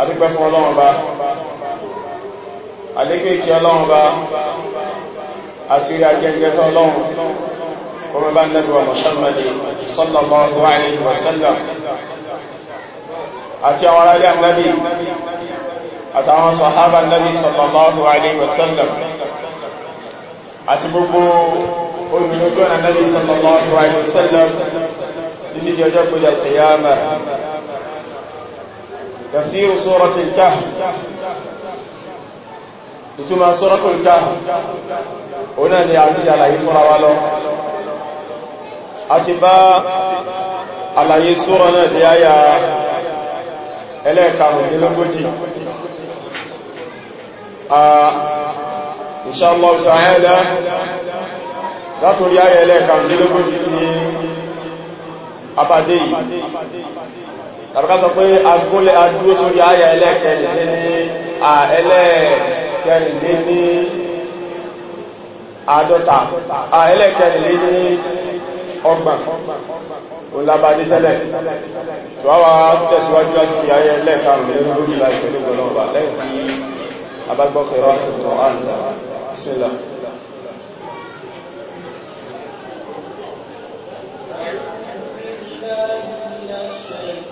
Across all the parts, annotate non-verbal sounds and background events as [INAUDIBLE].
adúpẹ́ fún ọlọ́run bá àdékèkè ọlọ́run bá àti rí ajẹ́gẹ́fẹ́ ọlọ́run kọmọ bá nẹ́bí wa mọ̀ṣánmàdì sallallahu alaihi wa sallam àti àwọn ará ilẹ̀ nẹ́bí àtàwọn sọ̀hábà nẹ́bí sallallahu alaihi wa sallam àti gbogbo olùdókòrò nẹ́bí sallallahu alaihi wa sallam títí di ọjọ́ pẹ̀lú àtẹ̀yàmà تفسير سورة الكهف ìtumọ̀ سورة الكهف ọ̀nà ni a ti àlàyé fúnra wa lọ a ti bá àlàyé sura náà di àyà ẹlẹ́ẹ̀karùn-ún-lógójì إن شاء الله تعالى látòrí àyà ẹlẹ́ẹ̀karùn-ún-lógójì ti abadé yìí tàbíkásọ pé agúnlẹ̀ adúró sórí ayà ẹlẹ́kẹrìnlẹ́ ní ẹlẹ́kẹrìnlẹ́ ní àádọ́ta ẹlẹ́kẹrìnlẹ́ ní ọgbọ̀n olábádé tẹ́lẹ̀ tó wá tẹ̀síwájú láti fi ayẹ ẹlẹ́kẹrìnlẹ́ Thank you.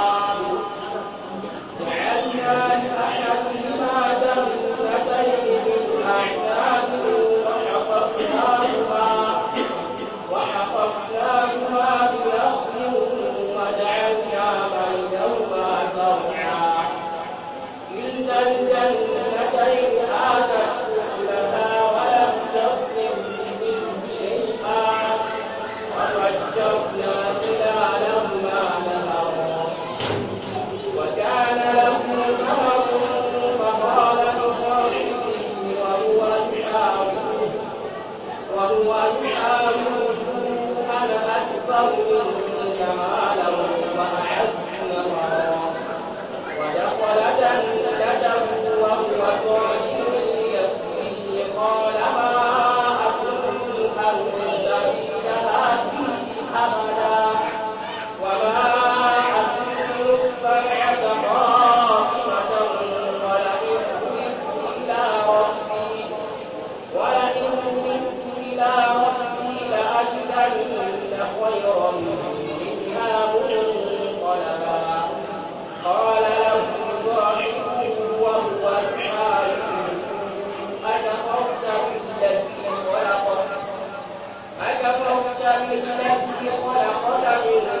الشيء الذي خلقك من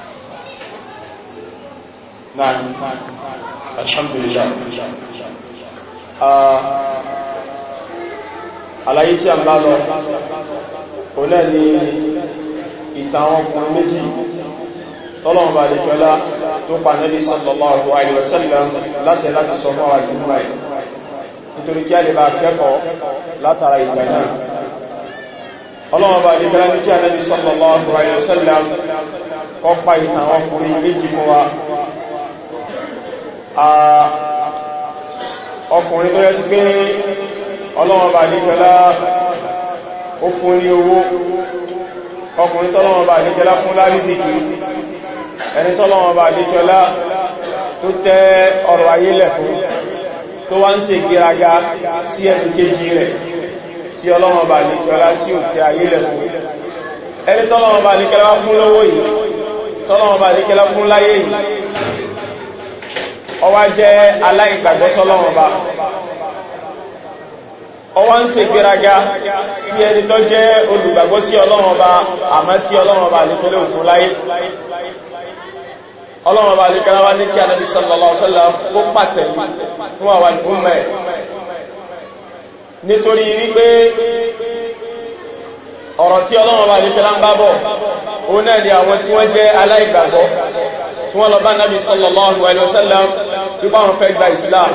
náà alhamdulillah ah, àlàyé tí a bá lọ kò náà ni ìtàn ọkùnrin méjì tọ́lọ́wọ́n bá lè fẹ́lá tó pa Nábì sallallahu alaihi wasallam láti láti sọ mọ́ àjúmọ́ ẹ̀ nítorí kí a lè bá kẹ́kọ̀ọ́ látara ìtàn náà ọlọ́wọ́n bá lè ọkùnrin tó yẹ sí pé ọlọ́wọ́ba nífẹ́lá ó fún ní owó ọkùnrin tọ́lọ́wọ́ba nífẹ́lá fún láríṣìkì ẹni tọ́lọ́wọ́ba nífẹ́lá tó tẹ́ ọrọ̀ ayé lẹ̀ fún tó wá ń ṣe gíraga sí ẹni kéjì rẹ̀ tí ọlọ́wọ́ba nífẹ́lá tí ò tẹ́ ayé lẹ̀ fún ẹni tọ́lọ́wọ́ba nífẹ́lá fún lówó yìí tọ́lọ́wọ́ba nífẹ́lá fún láyé yìí ọwá jẹ́ aláìgbàgbọ́ sọ́lọ́run ba ọwá ń ṣe gbéraga sí ẹni tó jẹ́ olùgbàgbọ́ sí ọlọ́run ba àmọ́ tí ọlọ́run ba lè láyé ọlọ́run ba sallallahu alaihi wasallam kó pàtẹ̀ fún àwọn ìfúnmẹ́ nítorí wípé ọ̀rọ̀ tí ọlọ́run ba lè tẹ́lá ń bábọ̀ náà ni àwọn tí wọ́n jẹ́ aláìgbàgbọ́ tí wọ́n lọ bá nábi sallallahu alaihi wasallam wípá wọn fẹ́ gba islam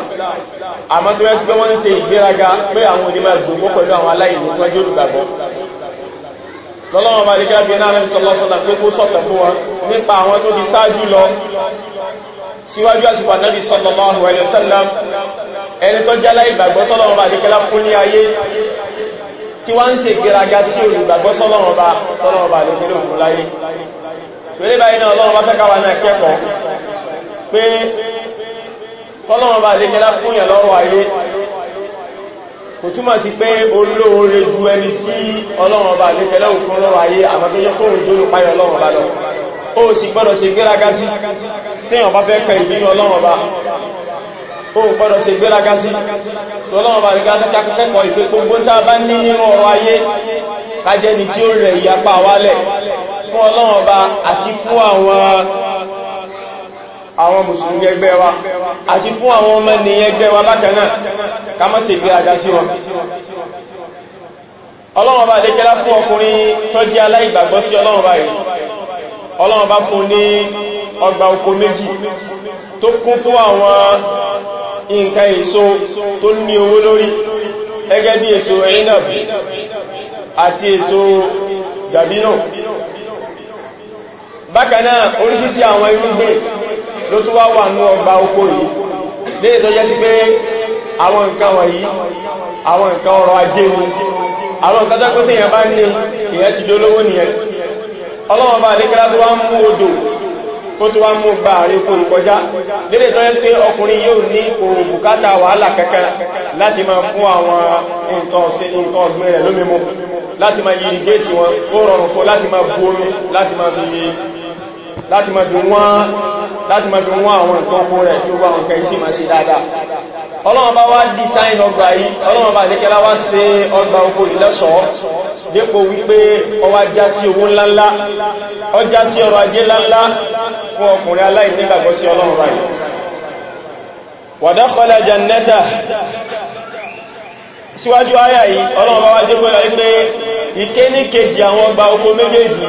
àmọ́ tó ẹ́sì pé wọ́n ń ṣe ìgbéraga pé àwọn onímọ̀ ìgbògbó pẹ̀lú àwọn aláìní tó jẹ́ olùgbàgbọ́ lọ́lọ́wọ́n malikẹ́ sallallahu alaihi wasallam pé kó sọ̀tọ̀ fún wọn nípa àwọn tó ti sáájú lọ síwájú àsìkò nábi sallallahu alaihi wasallam ẹni tó ní ayé ṣeré báyìí náà ọlọ́run bá fẹ́ káwà náà kẹ́kọ̀ọ́ pé tọ́lọ́run bá lè kẹ́lá fún yẹn lọ́rọ̀ ayé kò túmọ̀ sí pé olóore ju ẹni tí ọlọ́run bá lè kẹ́lá òkun lọ́rọ̀ ayé àmọ́tọ́jọ́ kóhùn tó lù páyọ ọlọ́run bá lọ ó sì gbọ́dọ̀ ṣe gbéraga sí téèyàn bá fẹ́ pẹ̀ ìbínú ọlọ́run bá ó gbọ́dọ̀ ṣe gbéraga sí tọ́lọ́run bá lè kẹ́kọ̀ọ́ ìpé gbogbo tá a bá ní nínú ọrọ̀ ayé kájẹ́ni tí ó rẹ̀ ìyapa wálẹ̀ fún ọlọ́run ọba àti fún àwọn mùsùlùmí ẹgbẹ́ wa àti fún àwọn ọmọ ènìyàn ẹgbẹ́ wa bákanáà ká má ṣe fi àjá sí wọn ọlọ́run ọba àdékẹ́lá fún ọkùnrin tó jẹ́ aláìgbàgbọ́ sí ọlọ́run ọba rẹ̀ ọlọ́run ọba fún ní ọgbà oko méjì tó kún fún àwọn nǹkan gẹ́gẹ́ bí èso ẹ̀yìnàbì àti èso gàbínà bákanáà oríṣiríṣi àwọn irúgbìn ló tún wá wà ní ọgbà oko yìí léè tó jẹ́ sí pé àwọn nǹkan wọ̀nyí àwọn nǹkan ọrọ̀ ajé ni àwọn nǹkan tó kúté èèyàn bá ní èèyàn ti dolówó nìyẹn ọlọ́wọ́n bá lékẹ́lá tó wá mú odò tó tó wá mú gba àrí kò kọjá léè tó jẹ́ sí pé ọkùnrin yóò ní kò bùkátà wàhálà kankan láti máa fún àwọn nǹkan ọ̀gbìn yìí géètì wọn ó rọrùn fún láti máa bu omi láti máa fi láti máa fi wọ́n àwọn nǹkan kó rẹ̀ tí ó bá wọn kẹ́ sí máa ṣe dáadáa ọlọ́run bá wá dì sáyìn ọgbà yìí ọlọ́run bá lékẹ́lá wá ṣe ọgbà oko ìlẹ́ṣọ́ dépò wípé ọwá já sí owó ńláńlá ọjá sí ọrọ̀ ajé ńláńlá fún ọkùnrin aláìnígbàgbọ́ sí ọlọ́run báyìí wàdákọ́lá jannata síwájú ayà yìí ọlọ́run bá wá jẹ́ pé ìkéníkejì àwọn ọgbà oko méjèèjì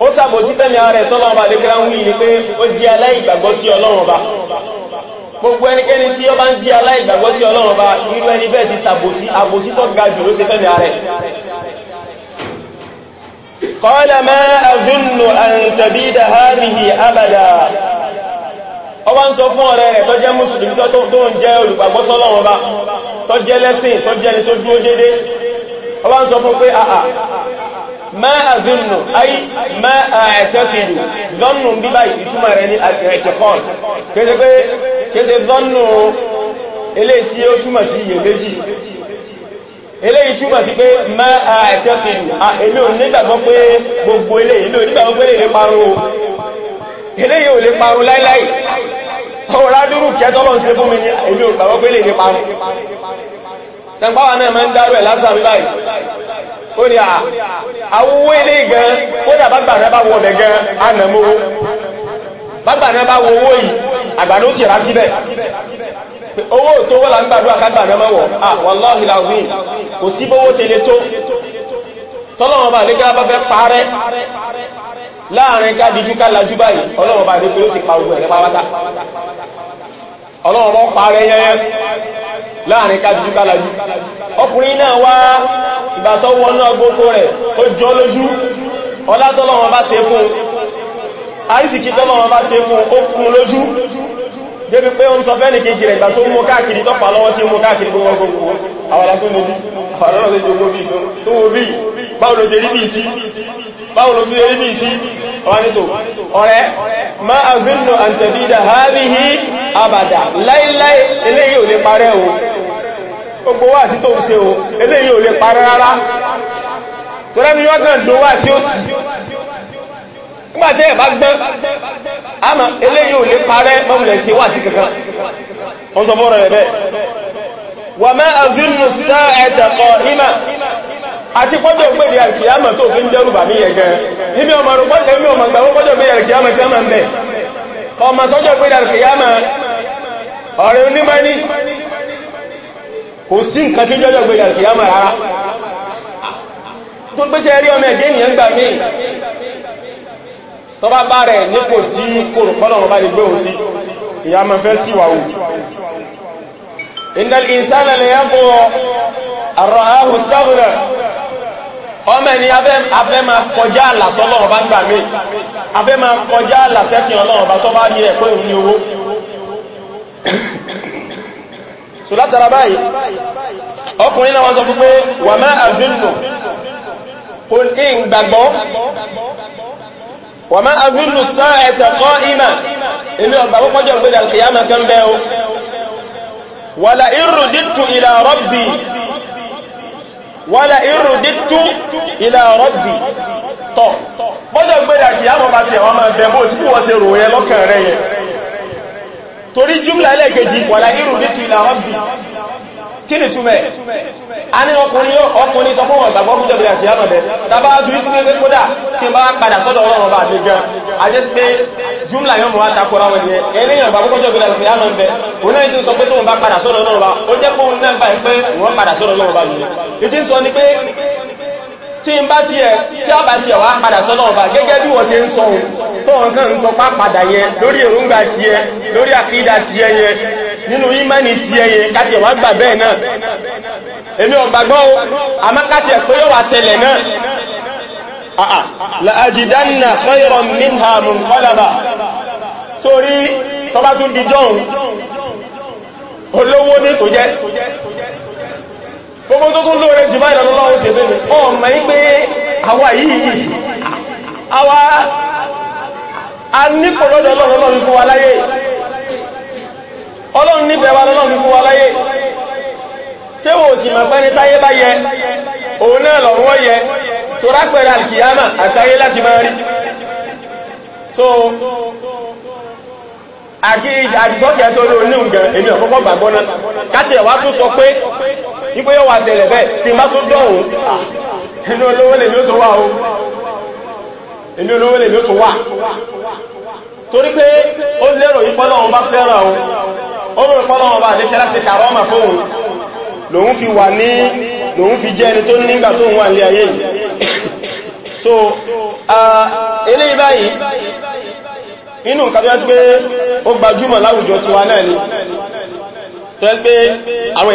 ó sàbòsí tẹ́mi ara ẹ̀tọ́lọ́ ọba lè kíra ń pé ó jí aláìgbàgbọ́ sí gbogbo ẹnikẹ́ni tí ó bá ń jí aláìgbàgbọ́ sí irú ẹni bẹ́ẹ̀ ti sàbòsí àbòsí ló ṣe tẹ́mi ara ọba rẹ̀ ma azunnu ai ma a'taqidu dhannu bí báyìí ìtumọ̀ rẹ̀ ní al-i'tiqad kéde pé kéde dhannu eléyìí tí ó túmọ̀ sí iyèméjì eléyìí túmọ̀ sí pé ma a'taqidu èmi ò nígbàgbọ́ pé gbogbo eléyìí èmi ò nígbàgbọ́ pé lè parun eléyìí ò lè parun láíláì ó ní àwọwó ilé gan ó dà bá gbàrẹ bá wọ́n gan anàmówó bá gbàrẹ bá wọ́n owó yìí àgbàdó sì rá síbẹ̀ owó tó wọ́n là ń gbàdó àkágbàrẹ mọ́wọ̀ wallahi lazim kò sí bówó se lè tó tọ́lọ́wọ́n bá lékẹ́ bá fẹ́ parẹ́ láàrin káàdìjú ká lajú báyìí ọlọ́wọ́n bá lékẹ́ ó sì pa ogun ẹ̀rẹ́ pàwátá ọlọ́wọ́n bá parẹ́ yẹyẹ láàrin kájújú kálájú ọkùnrin náà wá ìbátọ́ wọn náà gbókó rẹ̀ ó jọ lójú ọlá tọ́lọ́wọ́n bá ṣe fún àrísìkí tọ́lọ́wọ́n bá ṣe fún ó kún lójú débi pé ó ń sọ fẹ́ni kejì rẹ̀ ìgbà tó mú káàkiri tọ́pàá lọ́wọ́ tí mú káàkiri gbogbo gbogbo àwàlá tó lójú àwàlá lọ́wọ́ tó gbogbo bí tó wó bí báwo ló rí bí sí báwo ló rí bí sí ọ̀rẹ́nìtò ọ̀rẹ́ ma azunnu an tabida hadhihi abada láíláí eléyìí ò lè parẹ́ gbogbo wà sí tó ń ṣe o eléyìí ò lè parẹ́ rárá tó rẹ́mi wọ́n kàn dùn wà sí ó sì nígbàtí ẹ̀bá gbọ́n àmà eléyìí ò lè parẹ́ mọ́mùlẹ̀ sí wà sí kankan wọ́n sọ fọ́rọ̀ rẹ̀ bẹ́ẹ̀ wà mẹ́ àzúnnù sáà ẹ̀tẹ̀kọ̀ ìmà àti pọ́jọ́ pé ní alkiyama tó fi ń jẹ́rù bà ní ẹ̀gẹ́ níbi ọmọ rúpọ́jọ́ mi ọmọ gbàwọ́ pọ́jọ́ pé alkiyama tí a máa ń bẹ̀ ọmọ sọ́jọ́ pé alkiyama ọ̀rẹ́ onímọ̀ ní kò sí nǹkan tí jọjọ gbé alkiyama rárá tó gbé tẹ́ rí ọmọ ẹ̀dẹ́ ènìyàn gbà mí tó bá bá rẹ̀ nípò tí kòròpọ́lọ̀ bá lè gbé òun sí ìyá ma fẹ́ síwà òun innal insana lè yàgbọ́ àrọ̀ ahùsáwùrẹ̀ ọmọ ẹni afẹ́ ma kọjá àlàsọ́ Ọlọ́run bá gbà mí afẹ́ ma kọjá àlàsẹ́sìn Ọlọ́run bá tọ́ bá rí ẹ̀kọ́ ìrìn owó so látara báyìí ọkùnrin náà wọ́n sọ fún pé wà máa àfihàn kò ní gbàgbọ́ wà máa àfihàn sáà ẹ̀tẹ̀kọ́ ìmà ilé ọgbà púpọ̀jọ́ ìgbèdà kìyàmà kan bẹ́ o wà la irú dìtù ìlà rọ́bì tọ́ torí jùmlà ẹlẹ́gẹ̀ẹ́jì wàlá irú nítù ìlà rọ́bì kí ni túnmẹ̀ a ní ọkùnrin ọkùnrin sọ fún ọ̀gbàgbọ́ fún jẹ́bìrì àti àmọ̀dẹ̀ tàbá ju ìsìn pé kódà tí bá padà sọ́dọ̀ ọlọ́run bá àti gan ajé pé jùmlà yóò mọ̀ àtakọ̀rọ̀ wọn yẹn eléyàn bá kọ́kọ́ jẹ́bìrì àti àmọ̀dẹ̀ òun náà ti sọ pé tóun bá padà sọ́dọ̀ ọlọ́run bá ó jẹ́ fóun náà bá ń pé wọ́n padà sọ́dọ̀ ọlọ́run bá yẹn ìdí tí n bá tí a wá padà sọ́dọ̀ ọba gẹ́gẹ́ bí wọ́n ti ń sọ òun tó ọ̀kan ń sọ pá padà yẹn lórí èròǹgbà ti ẹ lórí àkídà ti ẹ yẹn nínú ìmánì ti ẹ yẹn káti ẹ̀wà gbà bẹ́ẹ̀ náà èmi ọ̀gbàgbọ́ o àmọ́ káti ẹ̀ pé yóò wà tẹ̀lẹ̀ náà àà láàjìdánà khayran minha munqalaba sórí tọ́bá tún di john olówó ní tó jẹ́ gbogbo tó tún lóore jù báyìí lọ́lọ́wọ́ ó ṣe bẹ́ẹ̀ ọmọ ìgbé àwa yìí àwa a nípò lọ́dọ̀ ọlọ́run fún wa láyé ọlọ́run nífẹ̀ẹ́ wa lọ́lọ́run fún wa láyé ṣé wò sí ma pẹ́ ní táyé bá yẹ òun náà lọ wọ́n yẹ tó rápẹ̀rẹ̀ alkiyama láti máa rí so àti àdìsọ́kẹ̀ tó ló ní ǹgẹ̀ èmi olówó lè lótò wà torí pé ó lérò ìpọ́lọ́wọ́n bá fẹ́ràn ohun ó rò ìpọ́lọ́wọ́n bá àdékẹ́lá sí kàrọ́mà fóhun lòun fi wà ní lòun fi jẹ́ ẹni tó nígbà tó wà ní ayé yìí [COUGHS] so eléyìí báyìí inú nǹkan tó yá sí pé ó gbajúmọ̀ láwùjọ tiwa náà ni tó yá sí pé àwọn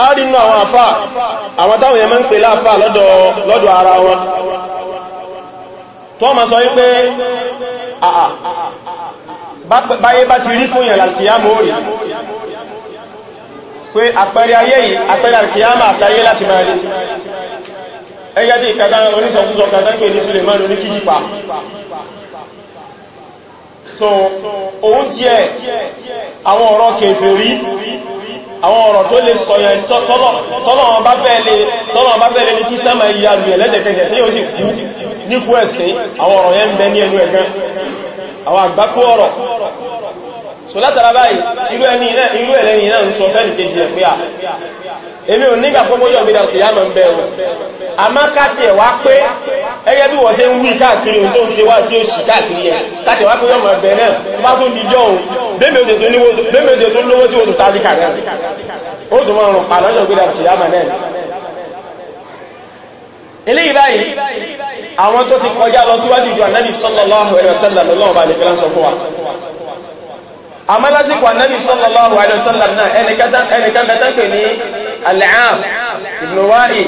a rí inú àwọn àfá àwọn táwọn yẹn mọ́ ń pè láàfá lọ́dọ̀ ara wọn tó ma sọ wípé àà báyé bá ti rí fún yẹn lálkìyàmù ó rí pé àpẹẹrẹ ayé yìí àpẹẹrẹ lálkìyàmù àtayé láti máa rí ẹgbẹ́ tí ìkàtà oníṣọ̀kúsọ̀ kàtàkì ní Suleiman oníkíjípa so òun jẹ́ àwọn ọ̀rọ̀ kèfèrí àwọn ọ̀rọ̀ tó lè sọ̀yàn tọ́lọ̀wọ̀n bá bẹ́ẹ̀lẹ̀ ní kí sẹ́mà yìí alù ẹ̀lẹ́dẹ̀kẹ́jẹ̀ tí ó sì kú ní kú ẹ̀sẹ̀ àwọn ọ̀rọ̀ yẹn ń bẹ ní ẹnu ẹ̀gán àwọn àgbákú ọ̀rọ̀ so látara báyìí irú ẹ̀lẹ́ni náà ń sọ fẹ́nìkejì ẹ̀ pé à èmi ò nígbà fún mọ́jọ́ ìgbìdà òkè yàmà ń bẹ ohun a máa káàkiri ẹ̀wà pé ẹgẹ́ bí wọ́n ṣe ń wí káàkiri ohun tó ń ṣe wá sí òṣì káàkiri ẹ̀ káàkiri wá pé yọ́mọ̀ ẹ̀bẹ̀ náà tó bá tún di jọun bẹ́ẹ̀mì sallallahu alaihi wasallam náà ẹnìkan bẹ̀tẹ́ ní al'as ibn wa'i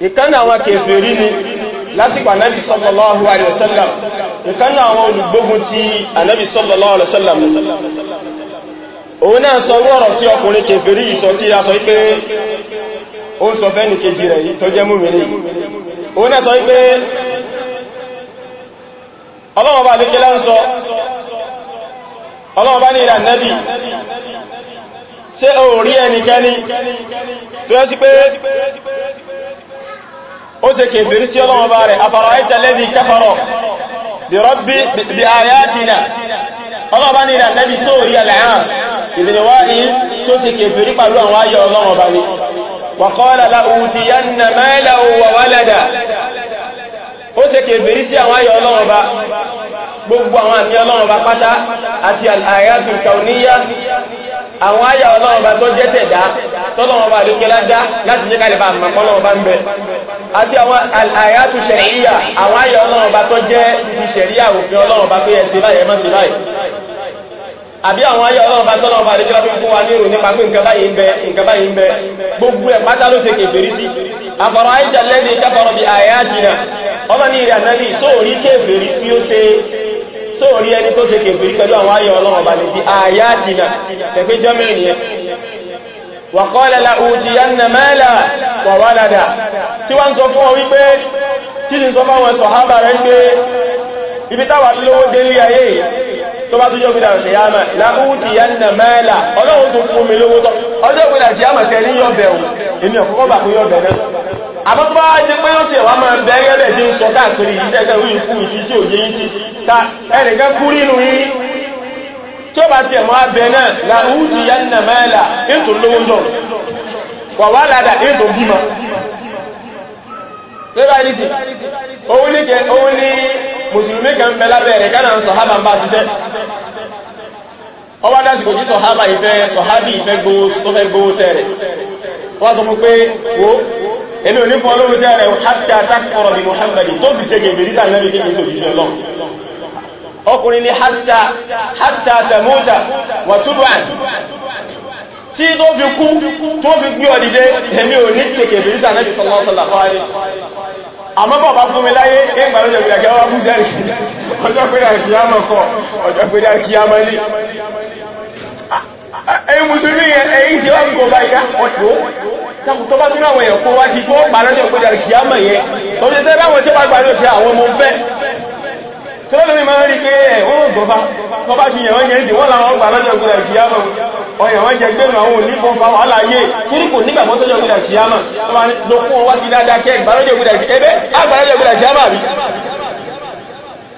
ìkánà àwọn kèfèrí ni lásìkò anábi sallallahu alaihi wasallam ìkánà àwọn olùgbógun ti anábi sallallahu alaihi wasallam òun náà sọ wọ́rọ̀ tí ọkùnrin kèfèrí ìsọ tí a sọ pé ó ń sọ fẹ́ni kejì rẹ̀ tó jẹ́ múmìnì òun náà sọ pé ọlọ́wọ́ bá ní kí lá ń sọ ọlọ́wọ́ bá ní ìlànà ṣé o rí ẹnikẹ́ni tó yẹ́ sí pé ó ṣe kèfèrí sí ọlọ́wọ́ bá rẹ̀ àfàrà ìtàlẹ́bì kẹfàrọ̀ bí rọ́bí bí ayatina ọlọ́wọ́ bá ní ìrànlẹ́bì sóòrí alliance ìdìnìwárí tó ṣe ó ṣe kèfèrí sí àwọn ayọ̀ ọlọ́run bá gbogbo àwọn àti ọlọ́run bá pátá àti al-ayatul kauniyya àwọn ayà ọlọ́run bá tó jẹ́ tẹ̀dá tọ́lọ́run bá lékẹ́ lájá láti jẹ́ kálẹ̀ bá mọ̀kọ́lọ́run bá ń bẹ àti àwọn al-ayatul shar'iyya àwọn ayà ọlọ́run bá tó jẹ́ ti ṣẹ̀ríyà òfin ọlọ́run bá pé ẹ ṣe báyìí ẹ má ṣe báyìí àbí àwọn ayé ọlọ́run bá tọ́lọ́run bá lè jẹ́ fún wa ní nípa pé nǹkan báyìí ń bẹ nǹkan báyìí ń bẹ gbogbo ẹ̀ pátá ló ṣe kèfèrí sí afọ̀rọ̀ àìjà lẹ́ni kẹfọ̀rọ̀ bí àyájìnà ọlọ́ni ìrìn ànábì sóòrí kéfèrí tí ó ṣe sóòrí ẹni tó ṣe kéfèrí pẹ̀lú àwọn ayọ̀ ọlọ́run ọba lè fi àyá jìnà tẹ̀fẹ́ jọ́mì ènìyàn wàkọ́lẹ̀ láújì yánà mẹ́lá wàwádàdà tí wá ń sọ fún ọ wípé tí sì ń sọ fáwọn sọ̀hábà rẹ̀ pé ibi táwà lówó dé lé ayé tó bá túnjọ́ gbìdà ṣe yáma láújì yánà mẹ́lá ọlọ́run tó fún mi lówó tọ́ ọjọ́ gbìdà ṣe tẹ́ ní yọ́bẹ̀ẹ̀wò èmi ọ̀kọ́kọ́ bà kú yọ́bẹ̀ẹ̀ náà àbọ́tọ́ bá jẹ pé ó ti ẹ̀wà máa bẹ̀ẹ́gẹ́ bẹ̀ sí ń sọ káàkiri ìtẹ́gẹ́ orí ikú ìtí tí ò yé ìtí ta ẹnìkan kú rínú yí tí ó bá ti ẹ̀mọ́ abẹ náà na uji ya nà mẹ́lá ètò lówó wà wá ládà ètò bímọ wọ́n sọ pé wo èmi ò ní fún ọlọ́run sí ààrẹ hatta takfura bi Muhammad tó fi ṣe gẹ̀gẹ̀ ríta lẹ́bí kí èso òjíṣẹ́ lọ ọkùnrin ni hatta tamuta wà tud'an tí tó fi kú tó fi gbé ọdìdẹ èmi ò ní ṣe gẹ̀gẹ̀ ríta lẹ́bí sọlọ́sọlọ́ àmọ́ bọ̀ bá fún mi láyé ẹgbà ló jẹ̀gbìyà kí ọwá búzẹ̀ rí ọjọ́ pẹ̀lú àkíyàmọ̀ kọ ọjọ́ pẹ̀lú àkíyàmọ̀ ní ah, ah, ẹ̀yìn musulmi ẹ̀yìn tí wọ́n kò bá ìdá ọ̀tọ́ tó bá túnra àwọn èèyàn wá sí tó pàlọ́jọ́ pẹ̀lú yẹn tó jẹ́ tẹ́lá àwọn tí bá gbà lóòtí àwọn ọmọ fẹ́ tó lọ́lọ́mí máa rí pé ẹ̀wọ́n gọba tó bá ti yẹ̀wọ́n yẹn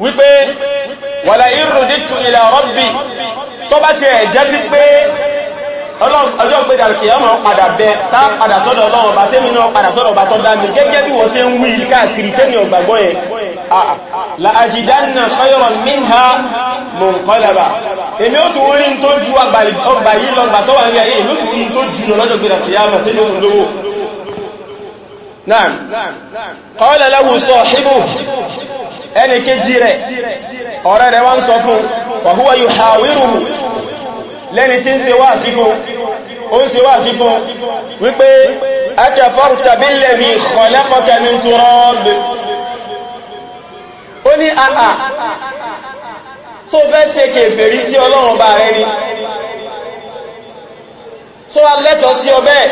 wípé wàlá irrujitu ila rabbi tó bá ti ẹ̀jẹ́ sí pé ọjọ́ pé dàrùkì ọmọ padà bẹ tá padà sọ́dọ̀ ọlọ́run ọba tẹ́mi náà padà sọ́dọ̀ ọba tó dá mi gẹ́gẹ́ bí wọ́n ṣe ń wí káàkiri tẹ́mi ọgbàgbọ́ yẹn la ajidanna khayran minha munqalaba èmi ó tún rí tó ju ọgbà yìí lọ́gbà tó wà ní ayé ẹni kéjì rẹ̀ ọ̀rẹ́ rẹ̀ wá ń sọ fún wàhúwà yóò hàwírù lẹ́ni tí ń ṣe wá sí fún ó ń ṣe wá sí fún wípé akẹfọ́rùta bí lẹ́ni kọlẹ́kọ̀kẹ́ ní túnrọ́ọ̀lù ó ní àà tó fẹ́ tó wá lẹ́tọ̀ sí ọ bẹ́ẹ̀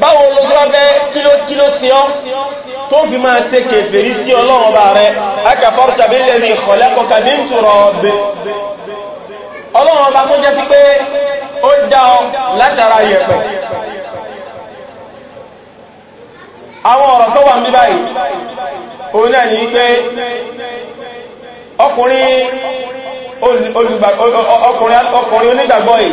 báwo ló sọ́rọ̀ bẹ́ kí ló sí ọ tó fi máa ṣe kèfèrí sí ọlọ́run bá rẹ akàfọ́rta bí lẹ́ni ìkọ̀lẹ́kọ̀ọ́kà ní ìtùrọ̀ ọ̀bẹ̀ ọlọ́run bá tó jẹ́ sí pé ó dá ọ látara yẹ̀pẹ̀ àwọn ọ̀rọ̀ tó wà ń bí báyìí òun náà ní pé ọkùnrin onígbàgbọ́ yìí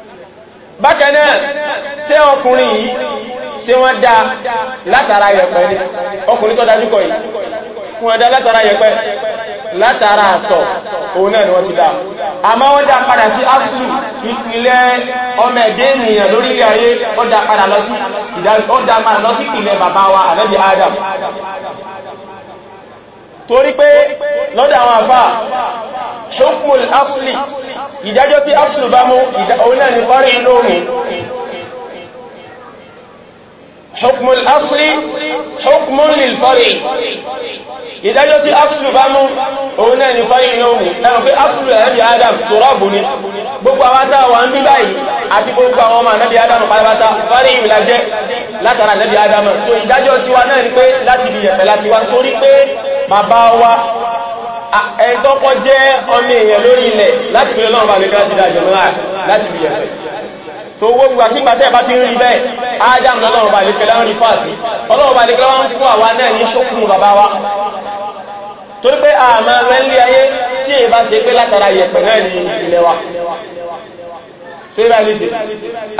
bákanáà ṣé ọkùnrin yìí ṣé wọ́n dá látara yẹ̀pẹ̀ ní ọkùnrin tó dájú kọ yìí wọ́n dá látara yẹ̀pẹ̀ látara àtọ̀ òun náà ni wọ́n ti dá àmọ́ wọ́n dá padà sí aslu ìpìlẹ̀ ọmọ ẹ̀dẹ́ ènìyàn lórí ilẹ̀ ayé ó dá padà lọ sí ìpìlẹ̀ bàbá wa àlẹ́bí Adam torí pé lọ́dọ̀ àwọn àfà hukmul asli ìdájọ́ tí asli bá mú ìdá حكم الأصل حكم للفرع ìdájọ́ tí asìlù bá mú òun náà ni fáyé náà mú ẹ̀rùn pé asìlù ẹ̀nàbí adam tòrọ́bù ni gbogbo àwátá wà ń bí báyìí àti gbogbo àwọn ọmọ ẹ̀nàbí adam pátápátá fárí ìwìlà jẹ́ látara ẹ̀nàbí adam so ìdájọ́ tí wa náà ni pé láti bí ẹ̀fẹ̀ láti wá torí pé bàbá wa ẹ̀ntọ́kọ́ jẹ́ ọmọ èèyàn lórí ilẹ̀ láti bí ọlọ́run bá lè so owó gbàtígbà tẹ́ bá ti rí bẹ́ẹ̀ adam lọ́lọ́rọ̀bà ìlékẹ́lá ń rí fàásí ọlọ́rọ̀bà ìlékẹ́lá wọ́n fún àwa náà ní ṣókùn bàbá wa torí pé àmà rẹ̀lẹ́ ayé tí èbá ṣe pé látara yẹ̀pẹ̀ náà ní ilẹ̀ wa ṣe bá ní ṣe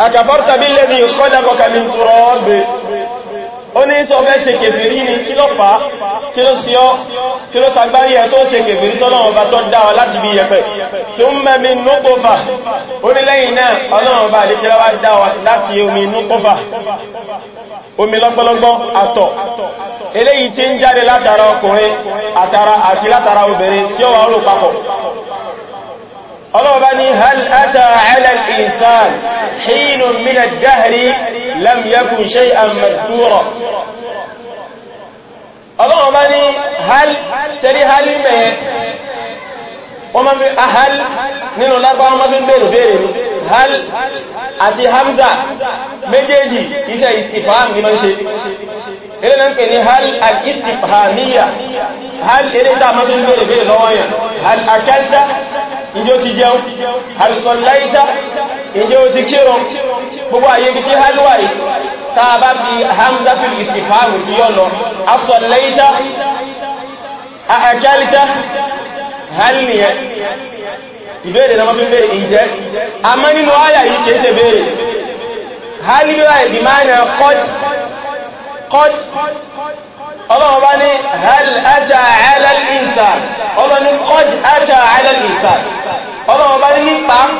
àkàfọ́rtàbí lẹ́bí ìkọ́dàkọ́kàmí tọrọ ọgbẹ̀ ó ní sọ fẹ́ ṣe kèfèrí ní kí ló fà á kí ló sí ọ́ kí ló sàgbárí ẹ̀ tó ṣe kèfèrí sọ́lọ́run ọba tó dáa láti bí ẹ̀fẹ́ tó ń mẹ́bí núkófà ó ní lẹ́yìn náà ọlọ́run ọba àdíkẹ́lẹ́wà dáa láti omi núkófà omi lọ́gbọ́lọ́gbọ́ àtọ̀ eléyìí tí ń jáde látara ọkùnrin أمرني هل أتى على الإنسان حين من الدهر لم يكن شيئا مذكورا أمرني هل سريها لما ومن بأهل من الله فأمر بين بينه هل أتي حمزة مجيجي إذا استفهام لمن شيء إلا نمكن هل الاستفهامية هل إذا ما بين هل أكلت ǹjẹ́ ó ti jẹun àrùsọ̀ láìta ǹjẹ́ ó ti kírùn gbogbo ayé bí tí halwa yìí ta bá fi hamdatul istifahu sí yọ́nà àrùsọ̀ láìta àkálítà halniya ìbéèrè na mafi bèèrè ìjẹ́ a mọ́ nínú ayà yìí kìí ṣe bèèrè halwa ìdìmánà kọ́d ọlọ́wọ́ bá ní hal ata ala al-insan ọlọ́ni kọ́d ata ala al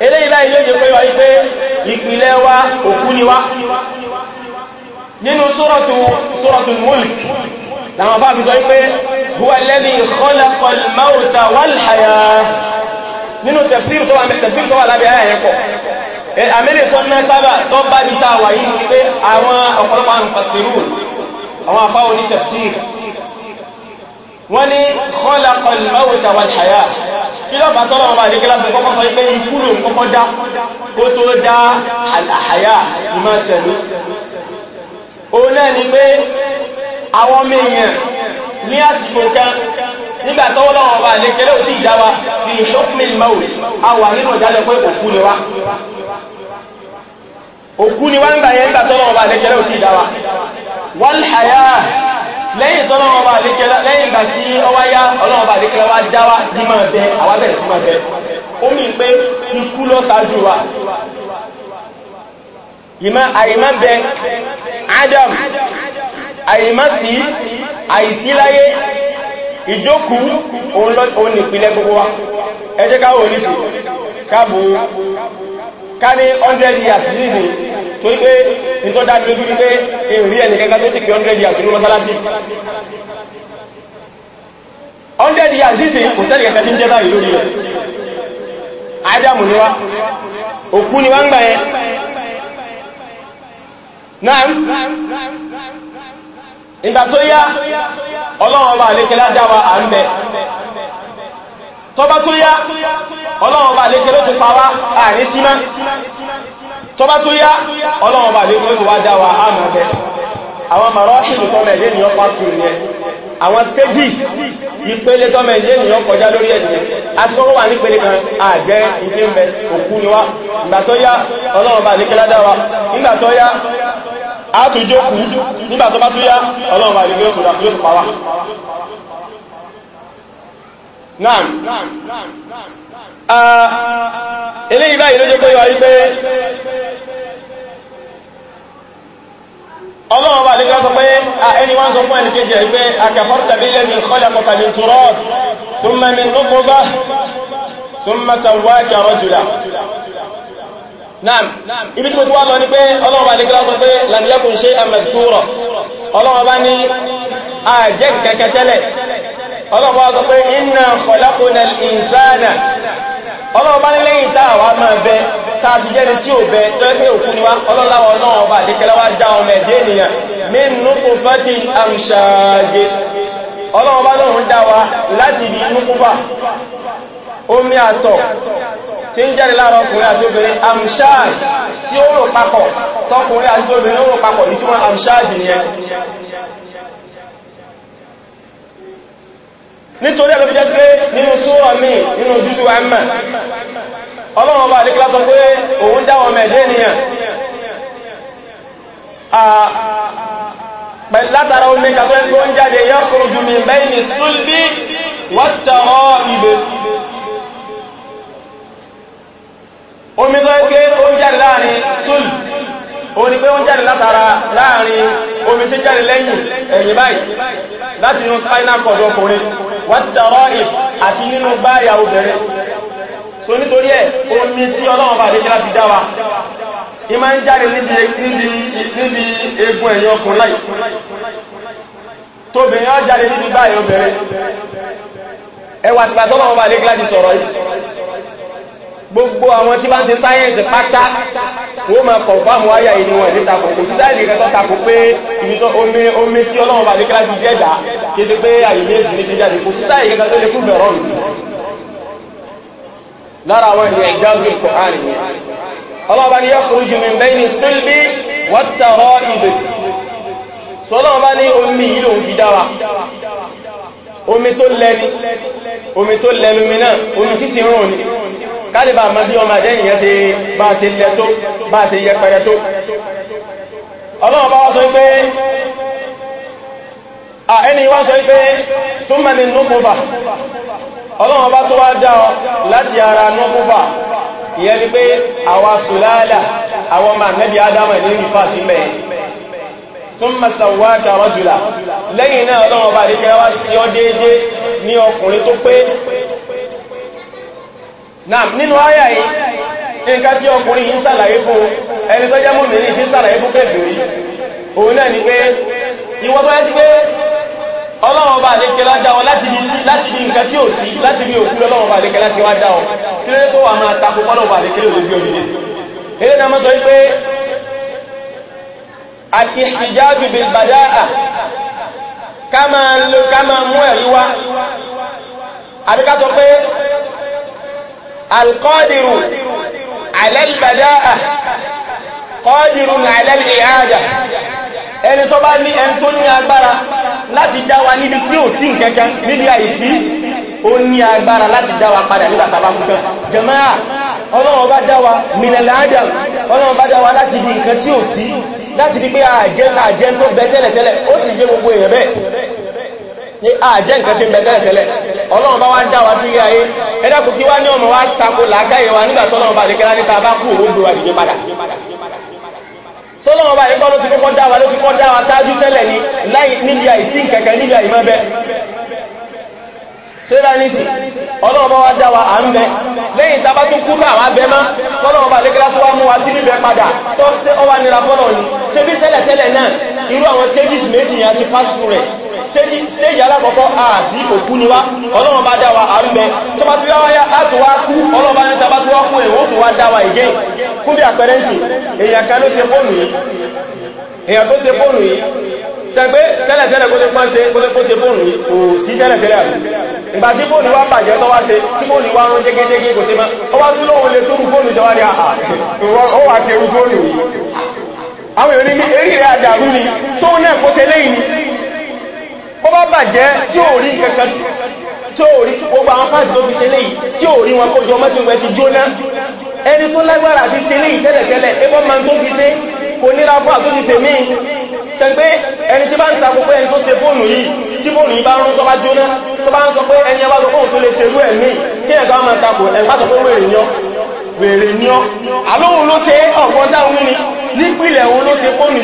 ilé ilá ilé yìí pé wáyé pé ìpìlẹ̀ wa òkú ni wá nínú sórọ̀tù Mulk láwọn bá fi sọ wípé huwa alladhi khalaqa al-mawta wal-hayah nínú tafsir tó wà lábẹ́ ayà yẹn pọ̀ àmìlẹ̀ tó mẹ́ sábà tó bá ní tàwà yìí kí lọ́pàá tọ́lọ̀ ọba àdíkẹ́lá sọ kọ́kọ́ sọ pé ikú ló ń kọ́kọ́ dá kó tó dá àlàáyà ìmọ́sẹ̀lú o náà ni pé àwọn mẹ́yàn ní àsìkò kan nígbà tọ́wọ́ lọ́wọ́ ọba àdíkẹ́lá ò tí ìjáwa fi ìṣọ́kùnrin mawòrì a wà nínú ìdájọ́ pé òkú ni wá òkú ni wá ń gbà yẹn nígbà tọ́lọ̀ ọba àdíkẹ́lá ò tí lẹ́yìn tọ́lọ̀ ti dá ní máa bẹ àwábẹ̀rẹ̀ sí máa bẹ ó pé ikú lọ sáájú wa àìmá bẹ adam àìmá sí àìsíláyé ìjókù òun nìpínlẹ̀ gbogbo wa ẹ jẹ́ ká wò ní sí káàbù ká ní 100 years nísìn tó ní pé ní tó dájú ní pé èrí ẹnìkẹ́kẹ́ tó ti pé 100 years ní mọ́sálásí 100 years sí kò sẹ́lì kẹta jẹ́ báyìí lórí rẹ̀ Ádámù ni wá òkú ni wá ń gbà yẹn náà ìgbà tó yá ọlọ́run ọba àlékẹ́ à ń bẹ tọba tó yá ọlọ́run ọba ló ti pa símá tọba tó yá ọlọ́run ọba ló ti wá jáwa àmọ́ bẹ àwọn màrọ́ tọ́lẹ̀ àwọn stages ìpele tọ́mọ ẹ̀jẹ́ ènìyàn kọjá lórí ẹ̀dìyàn àti kọ́kọ́ wà ní ìpele kan àjẹ́ ìdí òkú ni wá ìgbàtọ́ yá ọlọ́run bá níkẹ́lá dáwà nígbàtọ́ yá àtújókù nígbàtọ́ bá yá ọlọ́run Ah, ẹni wọ́n sọ fún ẹnìkejì ẹ̀ pé akafarta billadhi khalaqaka min turab thumma min nutfa thumma sawwaka rajula Naam, ibi tí mo ti wá lọ ní pé ọlọ́wọ́ alẹ́gbẹ́ sọ pé lam yakun shay'an mazkura. Ọlọ́wọ́ bá ní ọlọ́run bá lẹ́yìn táà wá máa bẹ táà ti jẹ́ni tí ò bẹ tó ẹgbẹ́ òkú ni wá ọlọ́láwọ̀ náà ọba àdékẹ́lẹ́wà dá ọmọ ẹ̀dẹ́ ènìyàn nínú kò fẹ́ ti àmṣàgé ọlọ́run bá lọ́run dá wa láti ibi inú púpà omi àtọ̀ tí ń jáde láàrọ̀ ọkùnrin àti obìnrin amṣáàjì tí ó rò papọ̀ tọkùnrin àti obìnrin ó nítorí ẹ̀lọ́bí jẹ́ pé nínú súnwà mí nínú jújú àmà ọlọ́run ọba àdíkílá sọ pé òun dáwọn mẹ́jẹ́ ènìyàn látara omi kàtọ́ ẹgbẹ́ oúnjẹ àdé yọ́ kúrò jù bẹ́yìn ní súnbí wọ́tàrọ ibè omi tó ẹgbẹ́ oúnjẹ láàrin súnbí omi tí jáde lẹ́yìn ẹ̀yìn báyìí láti inú spinal cord ọkùnrin wátàrọ́ ìf àti nínú báyà obìnrin so nítorí ẹ̀ omi tí ọlọ́run bá dékẹ́lá fi dáwà ìmá ń jáde níbi egun ẹ̀yìn ọkùnrin láì tóbìnrin á jáde níbi báyà obìnrin ẹwà tìgbàtọ́lọ́run bá dékẹ́lá sọ̀rọ̀ yìí gbogbo àwọn tí bá ń ṣe sáyẹ̀nsì pátá wọ́n ma kọ̀fàmù ayà ìní wọn ní takò kò sísáìlì kẹta takò pé ìbítọ́ omi tí ọlọ́run bá ní kíláàsì jẹ́dà kí ṣe pé àyèmí èsì ní jíjáde kò sísáìlì kẹta tó lè kú bẹ̀rọ̀ lára àwọn ìyẹn ìjáàzù ìkọ̀hánì ọlọ́ọ̀bá ni yakhruju min bayni silbi wat-tara'ib sọ́lọ́ọ̀bá ní omi yìí lòun fi dáwà omi tó lẹ́ni omi tó lẹ́nu mi náà omi tí sì rán ni kálìbà mọ́ bí ọmọ ẹ̀dẹ́yìn yẹn ti bá ti lẹ tó bá ti yẹ pẹrẹ tó ọlọ́wọ́ bá wá sọ pé ẹni wá sọ pé tó mẹ́ ni nùkúfà ọlọ́wọ́ bá tó wá já ọ láti ara nùkúfà ìyẹn ni pé àwa sùlálà àwọn ọmọ ànẹ́bí adama ní ìfà sí mẹ́ lẹ́yìn náà ọlọ́wọ́ bá rí kẹwàá sí ọ déédé ní ọkùnrin tó pé náà nínú ayà yìí nǹkan tí ọkùnrin yìí ń sàlàyé fún ẹni tó jẹ́ mùmìnì tí ń sàlàyé fún kẹfìrí òun náà ni pé ìwọ́n tó ẹ́sí pé ọlọ́wọ́n bá lè kẹlá dáwọ láti bí nǹkan tí ò sí láti bí òkú lọ́wọ́n bá lè kẹlá ti wá dáwọ tí lórí tó wà máa takò pọ́lọ́wọ́n bá lè kẹlé òdòdó òdìdé eré na mọ́ sọ wípé àti ìjájú bí bàdáà ká máa mú ẹ̀rí wá àbíká sọ pé القادر على البداءة قادر على الإعادة ẹni tó bá ní ẹni tó ní agbára láti dáwà níbi tí ò sí nǹkankan níbi àìsí ó ní agbára láti dáwà padà nígbà tàbá múkan ọlọ́run bá dáwà minẹ̀lẹ̀ adam ọlọ́run bá dáwà láti di nǹkan tí ò sí láti di pé àjẹ́ ọlọ́run bá wá dá wa sí ayé ẹ̀dàkù kí wá ní ọmọ wá tako làákàyè wa nígbà tọ́lọ́run bá lè kẹ́lá níta bá kú òun gbòwà padà sọ́lọ́run bá lè kọ́ ti kọ́kọ́ dá wa ló ti kọ́ dá wa sáájú tẹ́lẹ̀ ní níbi àìsí kẹ̀kẹ́ níbi àìmọ́bẹ́ ṣẹ́lá ọlọ́run bá wá dá wa à ń bẹ lẹ́yìn tàbá tún kú náà wá bẹ mọ́ tọ́lọ́run bá lékẹ́lá tó wá mú wa sí níbẹ̀ padà sọ́ sí ọwá nira fọ́lọ̀ ní ṣe bí tẹ́lẹ̀ tẹ́lẹ̀ náà irú àwọn stages méjì yẹn ti pass through rẹ̀ stéjì alákọ̀ọ́kọ́ àti òkú ni wá ọlọ́run bá dáwà àrúgbẹ́ tó bá tí wáyá láti wá kú ọlọ́run bá ní tàbá tí wá kú ẹ̀wọ́n tó wá dáwà ìgẹ́ fún bí àpẹẹrẹ sí èyàn kan ló ṣe fóònù yìí èyàn tó ṣe fóònù yìí sẹ́gbé tẹ́lẹ̀tẹ́lẹ̀ kó lè pọ́n ṣe kó lè pọ́n ṣe fóònù yìí kò sí tẹ́lẹ̀tẹ́lẹ̀ àrùn ìgbà tí fóònù wá bàjẹ́ tó wá ah, ah, àwọn ènìyàn ní eré ni tó náà kó tẹ́lẹ̀ yìí bó bá bàjẹ́ tí ò rí kankan tí ò rí gbogbo àwọn pàtí tó fi ṣe léyìí tí ò rí wọn kójọ mọ́ tí wọ́n ti jóná ẹni tó lágbára fi ṣe léyìí tẹ́lẹ̀tẹ́lẹ̀ ebọ́ ma tó fi ṣe kò níra fún àtúntì tèmí tẹ́gbé ẹni tí bá ń ta gbogbo ẹni tó ṣe fóònù yìí tí fóònù yìí bá rún tó bá jóná tó bá ń sọ pé ẹni ẹbá sọ tó lè ṣerú ẹ̀mí kí ẹ̀gbá máa takò ẹ̀gbá sọ pé wèrè yán wèrè yán àlóhun ló ṣe ọ̀pọ̀ dáhùn ní nípìnlẹ̀ òun ló ṣe fóònù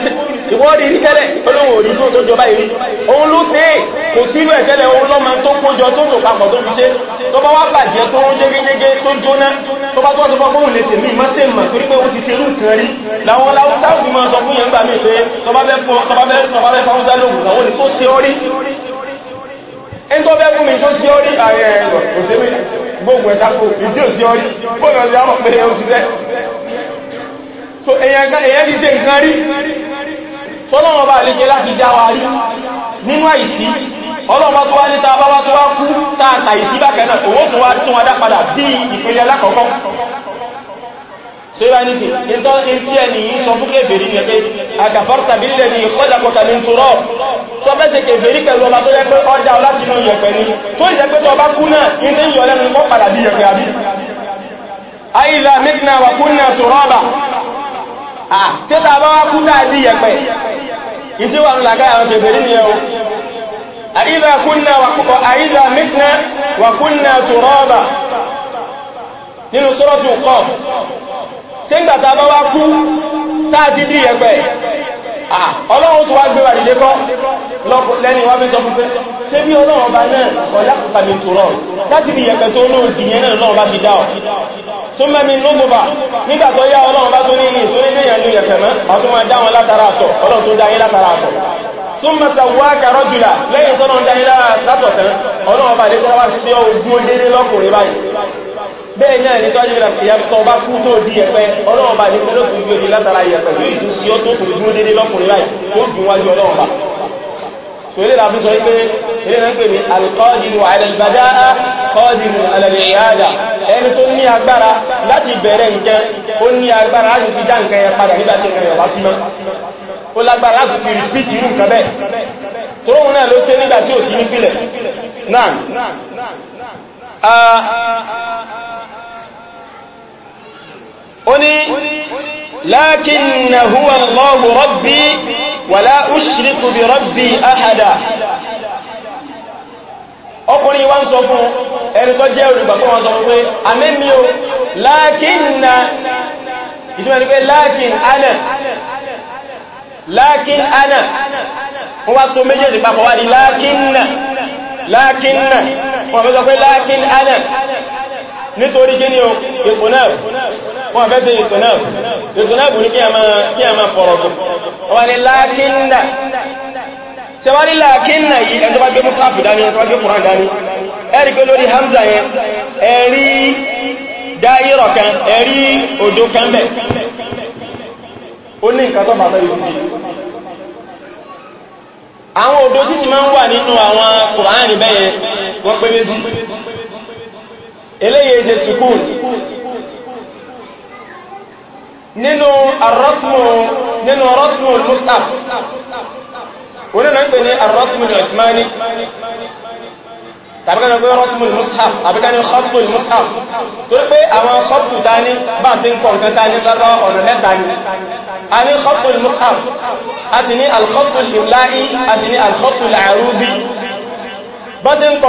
ìwọ́n rí rí tẹ́lẹ̀ olóhùn òdúdó tó jọba ìrí òun ló ṣe kò sínú ẹ̀tẹ́lẹ̀ òun lọ́mọ tó kójọ tó tó papọ̀ tó fi ṣe tó bá wá bàjẹ́ tó ń jégéjégé tó jóná tó bá tó sọpọ̀ fóun lè sèmí mọ́ sí mọ̀ torí pé ó ti ṣe nǹkan rí láwọn láwúsá òbí mọ́ sọ fún yẹn gbà mí pé tọba bẹ́ fáwúsá lóògùn láwọn ni tó ṣe orí ẹni tó bẹ́ fún mi tó ṣe orí ààrẹ ẹ̀rọ kò sí gbogbo ẹ̀sákò ìdí ò sí orí fóònà sí àwọn pẹ̀lẹ̀ òṣìṣẹ́ so èyàn ti ṣe nǹkan rí tọ́lọ́wọ́ bá lè ṣe láti já wa rí nínú àìsí ọlọ́wọ́ tó wá níta bá wá tó wá kú tààtà ìsí bákanáà owó tó wá tún wá dá padà bí ìpele alákọ̀ọ́kọ́ sera nisi into inti eni so buke beri ni pe agafarta billadhi khalaqaka min turab so be se ke beri pẹ̀lú ma tó jẹ́ pé ó dá láti nu yẹ̀pẹ̀ ni tó jẹ́ pé tó bá kú na inte yo le mu ko padà bí yẹ̀pẹ̀ àbí aila mitna wa ah te ta bá kú ta bí yẹ̀pẹ̀ ìtí wà ń làgá àwọn kèfèrí ni ẹ̀wọ̀ àìdá mítnà wà kúnnà tùrọ́bà nínú sọ́rọ̀tù kọ́ tí ń gbàtà bá wá kú táà ti dí ẹ̀pẹ̀ Ah, ọlọ́run tó wá gbé wà nílé kọ́ lẹ́ni wá bí sọ fún pé ṣe bí ọlọ́run bá náà ọ̀lá pàtàkì tó rọ̀ láti bí yẹ̀kẹ́ tó lóò dìyẹn náà lọ́run bá ti dá ọ̀ tó mẹ́mi lóbòbà nígbàtọ̀ yá ọlọ́run bá tó ní ní ìsórí lèyàn ní yẹ̀kẹ́ mẹ́ ọdún wọn dá wọn látara àtọ̀ ọlọ́run tó dá yín látara àtọ̀ ثم سواك رجلا لين تنون دايلا لاتوتن اولو با دي توا سي او غو ديري لوكوري باي bẹ́ẹ̀ náà ní tọ́jú ìrìnà kìyà tọ́ bá kú tó di ẹ̀pẹ́ ọlọ́run bá ní pẹ́lú fún ìgbé látara ìyẹ̀pẹ̀ yóò tún sí ó tó kùn dúró dédé lọ́kùnrin láì tó dùn láti bẹ̀rẹ̀ nǹkan ó ní agbára bẹ́ẹ̀ tó rún náà ló ṣe nígbàtí ò sí nípìlẹ̀ náà ó ní lákínà huwa Allahu rabbi wàlá ushriku bi rabbi ahada ọkùnrin wá ń sọ fún ẹni tó jẹ́ olùgbàgbọ́ wọn sọ fún pé àmẹ́mí o lákínà ìtumẹ̀ ní pé lákín ana lákín ana wọ́n wá so méjèèjì papọ̀ wá ní lákínà lákínà wọ́n mẹ́sọ pé lákín ana nítorí kí ní o ìkùnáàbù wọ́n fẹ́ sí ìkùnáàbù ìkùnáàbù ní kí a máa fọ̀rọ̀gùn wọ́n ni lákínà ṣe wá ní lákínà yìí ẹni tó bá gbé mùsáàfù dání tó bá gbé kùrán dání ẹ̀rí pé lórí hamza yẹn ẹ̀rí dáírọ̀ kan ẹ̀rí òjò kan bẹ̀ ó ní nǹkan tó bàbá yìí àwọn òdó tí sì máa ń wà nínú àwọn kùránì bẹ́yẹn wọ́n pé eléyìí ṣe sùkún nínú arọ́sùmù nínú arọ́sùmù mustaf wọ́n náà ń pè ní arọ́sùmù osmani tàbí kan pé rọ́sùmù mustaf àbíkan ní kọ́pù mustaf tó pé àwọn kọ́pù ta ní bá ti ń kọ̀ǹkan ta ní lọ́rọ̀ ọ̀nà mẹ́ta ni a ní kọ́pù mustaf a ti ní alkọ́pù ìmláì a ti ní alkọ́pù làárúbí bá ti ń kọ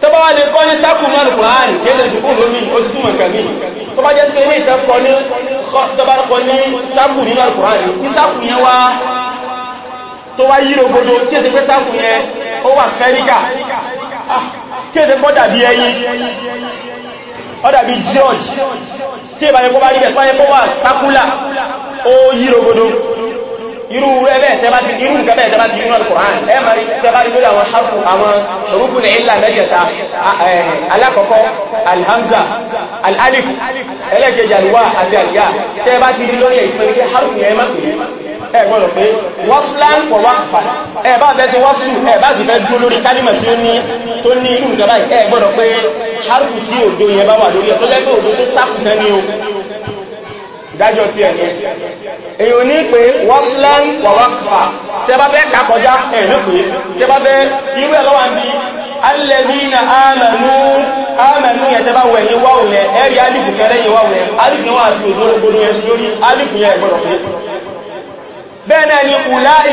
tó bá wá lè kọ́ ní sákù mọ́ alùkùnrin kéèlè ṣùkú lómi ó ti túnmọ̀ nǹkan míì tó bá jẹ́ sí ilé ìtẹ́kọ́ ní tọ́bárọ̀kọ́ ní sákù nínú alùkùnrin ní sákù yẹn wá tó wá yíro gbogbo tí èsì pé sákù yẹn ó wà fẹ́ríkà kí èsì pọ́ dàbí ẹyí ó dàbí george tí ìbáyẹ̀kọ́ bá rí bẹ̀ tó wáyẹ̀kọ́ wà sákúlà ó yíro gbogbo irú ẹbẹ́ tẹbátí irú ìkẹbẹ́ tẹbátí irú al-Qur'an ẹ ma rí tẹbátí lórí àwọn harfu àwọn ṣorúkú ní ilá mẹ́jẹta alákọ̀ọ́kọ́ alhamza al'alif ẹlẹ́kẹjì alwa àti aliyah tẹbátí rí lórí ìfẹ́ harfu yẹn má ẹ gbọ́dọ̀ pé waslan for waqfan ẹ bá bẹ́ sí waslu ẹ bá sì fẹ́ dúró lórí kálímà tí ó ní tó ní irú ìjọba ẹ gbọ́dọ̀ pé harfu tí òdo yẹn bá wà lórí ẹ̀ tó lẹ́gbẹ́ òdo tó sákùnẹ́ ni o ìdájọ́ tí ẹ̀yẹ èyàn ní pé waslan wa wasfa tẹba bẹ́ kàkọjá ẹ̀lú pé tẹba bẹ́ irú ẹ̀lọ́wà ní alladhina amanu amanu yẹ tẹba wẹ̀ ní wáwùlẹ̀ ẹ̀rí alìkù kẹrẹ yẹ wáwùlẹ̀ alìkù náà àti òjòrògbòrò yẹ lórí alìkù yẹ ẹ̀gbọ́rọ̀ pé bẹ́ẹ̀ náà ni ùláì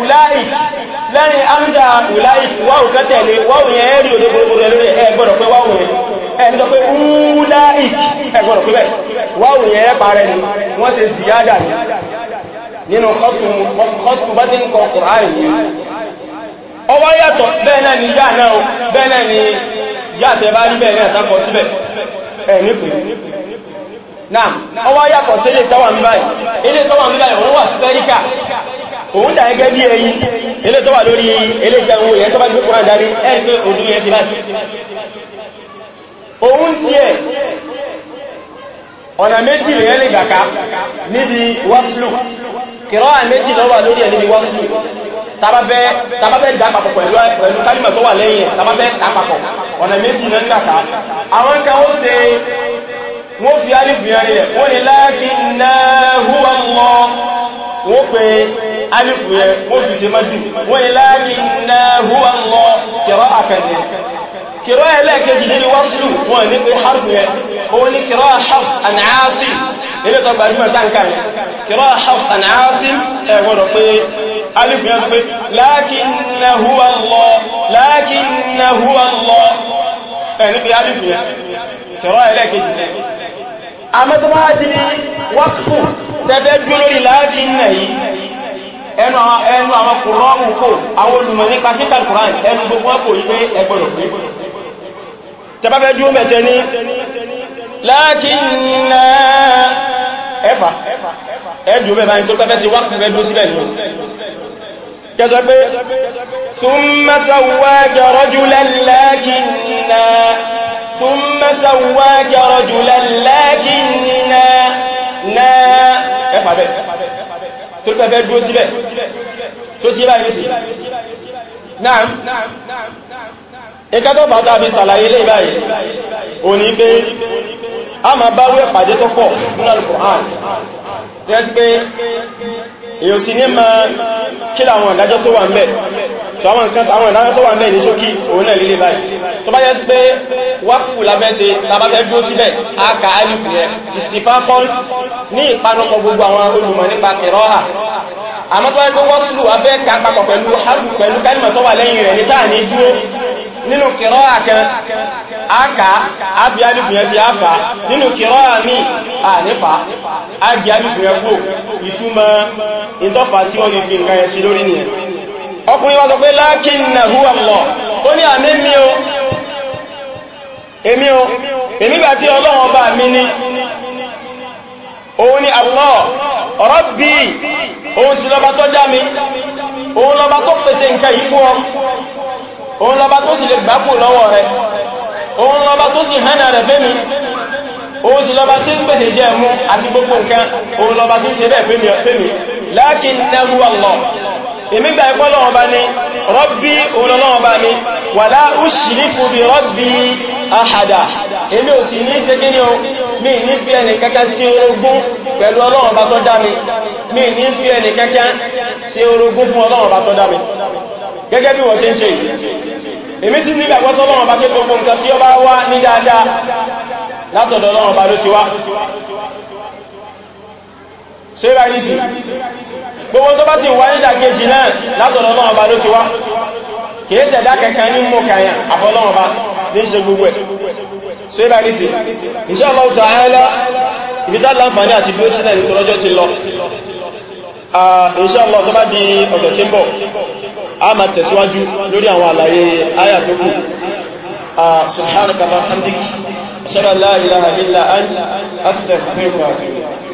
ùláì lẹ́rin amúdá ùláì wáwù kẹtẹ̀lé wáwù ẹ̀sọ pé úláì ẹgbọ́nà pípẹ̀ wáwù yẹn parẹ́ ni wọ́n ṣe ziyádà ni nínú kọ́tù bá ti ń kọ Kùránì ni ọ wá yàtọ̀ bẹ́ẹ̀ náà ni yà náà bẹ́ẹ̀ náà ni yà tẹ bá rí bẹ́ẹ̀ náà sákọ síbẹ̀ ẹ̀ nípe náà ọ wá yàtọ̀ sí ilé tọ́wà ń báyìí ilé tọ́wà ń báyìí òun wà spherical òun dà gẹ́gẹ́ bí ẹyin ilé tọ́wà lórí ilé ìjẹun èyẹ tọ́wà gbé Kùránì darí ẹ̀ òun tí ẹ̀ ọ̀nà méjì rẹ̀ lè gbàká níbi wáṣlù kìrọ́ à méjì lọ́wà lórí ẹ̀ níbi wáṣlù tàbábẹ́ ìdápapọ̀ pẹ̀lú kálìmọ̀ tó wà lẹ́yìn ẹ̀ tàbábẹ́ ìdápapọ̀ ọ̀nà méjì rẹ̀ gbàká àwọn kan ó se wọ́n fi alìfìyàn rẹ̀ wọ́n ni láàkí náà húwà mọ́ wọ́n pe alìfìyàn wọ́n fi se mọ́jú wọ́n ni láàkí kìrọ ẹlẹ́ẹ̀kejì níbi wọ́sílù wọn ní pé harfi ẹ òun ní kìrọ Hafs and Asim ilé tó gbajúmọ̀ tánkà ní kìrọ Hafs and Asim ẹgbọ́dọ̀ pé alifiyar pé lakinna huwa Allah lakinna huwa Allah ẹ̀ níbi alifiyar kìrọ ẹlẹ́ẹ̀kejì amẹ́tọ́máàtì ní wákùfù tẹ́fẹ́ dúró lórí láàájí ilẹ̀ yìí ẹnu àwọn kòrọ́mù kò àwọn olùmọ̀ ní tẹbàfẹ́ dúró mẹ́tẹ ní láàkínà ẹfà ẹdùn mẹ́fà ní tó pẹ́fẹ́ ti wá pẹ́fẹ́ dúró sílẹ̀ ní kẹsọ pé thumma sawwaka rajulan láàkínà thumma sawwaka rajulan láàkínà náà ẹfà bẹ́ tó pẹ́fẹ́ dúró sílẹ̀ tó sí ẹka tó bá tàbí sàlàyé ilé ìbáyìí o ní pé a ma bá wé pàdé tó pọ̀ nínú Al-Qur'an tí a ti pé èyàn sí ní ma kí àwọn ìdájọ́ tó wà ń tó àwọn ìdájọ́ tó wà ń ní ṣókí òun náà lílé aka alifu yẹ ìtìfáfọ́n ní ìpanupọ̀ gbogbo àwọn olùmọ̀ nípa kẹrọ́hà àmọ́ tó wáyé pé wọ́sùlù afẹ́ kápapọ̀ pẹ̀lú pẹ̀lú kálìmọ̀ tó wà lẹ́yìn rẹ̀ ní táà ní dúró nínú kìrọ́ àkẹ́ àkà àbí alìfìyàn ti àfà nínú kìrọ́ àmì ànífà àbí alìfìyàn kò ìtumọ̀ ìtọ́fà tí wọ́n lè gbé nǹkan ẹ̀sí lórí nìyẹn ọkùnrin wá sọ pé lákín nà húwà lọ ó ní àmì mi o èmi o èmi gbà tí ọlọ́run ọba mi ní òun ni Allah Rabbi òun sì lọ́ba tó dá mi òun lọ́ba tó pèsè nǹkan yìí fún ọ òun lọba tó sì lè gbápò lọ́wọ́ rẹ̀ òun lọba tó sì hánà rẹ̀ fẹ́mi òun sì lọba tí ń pèsè jẹ́ mú àti gbogbo nǹkan òun lọba tí ń ṣe bẹ́ẹ̀ fẹ́mi láàkí nẹ́rù ọlọ́ ìmígbà ẹ̀kọ́ lọ́wọ́ bá ní rọ́bí olọ́lọ́wọ́ bá ní wà láàrú ṣìríkù bí rọ́bí àhàdà èmi ò sì ní ṣe kí ní o mi ní fi ẹni kẹ́kẹ́ sí orogún pẹ̀lú ọlọ́wọ́ bá tọ́ dá mi mi ní fi ẹni kẹ́kẹ́ sí orogún fún ọlọ́wọ́ bá tọ́ dá mi gẹ́gẹ́ bí wọ́n ṣe ń ṣe yìí èmi sì nígbàgbọ́ sọ́lọ́run ọba pé gbogbo nǹkan tí ó bá wá ní dáadáa látọ̀dọ̀ Ọlọ́run ọba ló ti wá ṣe bá ní sí gbogbo tó bá sì wá ní dàkejì náà látọ̀dọ̀ Ọlọ́run ọba ló ti wá kìí ṣẹ̀dá kankan ní mọ́ kàyàn àfọ́lọ́run ọba ní ṣe gbogbo ẹ̀ ah, di ọ̀sẹ̀ tí a máa tẹ̀síwájú lórí àwọn àlàyé àyà tó kù subhanaka wa bihamdika ashhadu an la ilaha illa anta astaghfiruka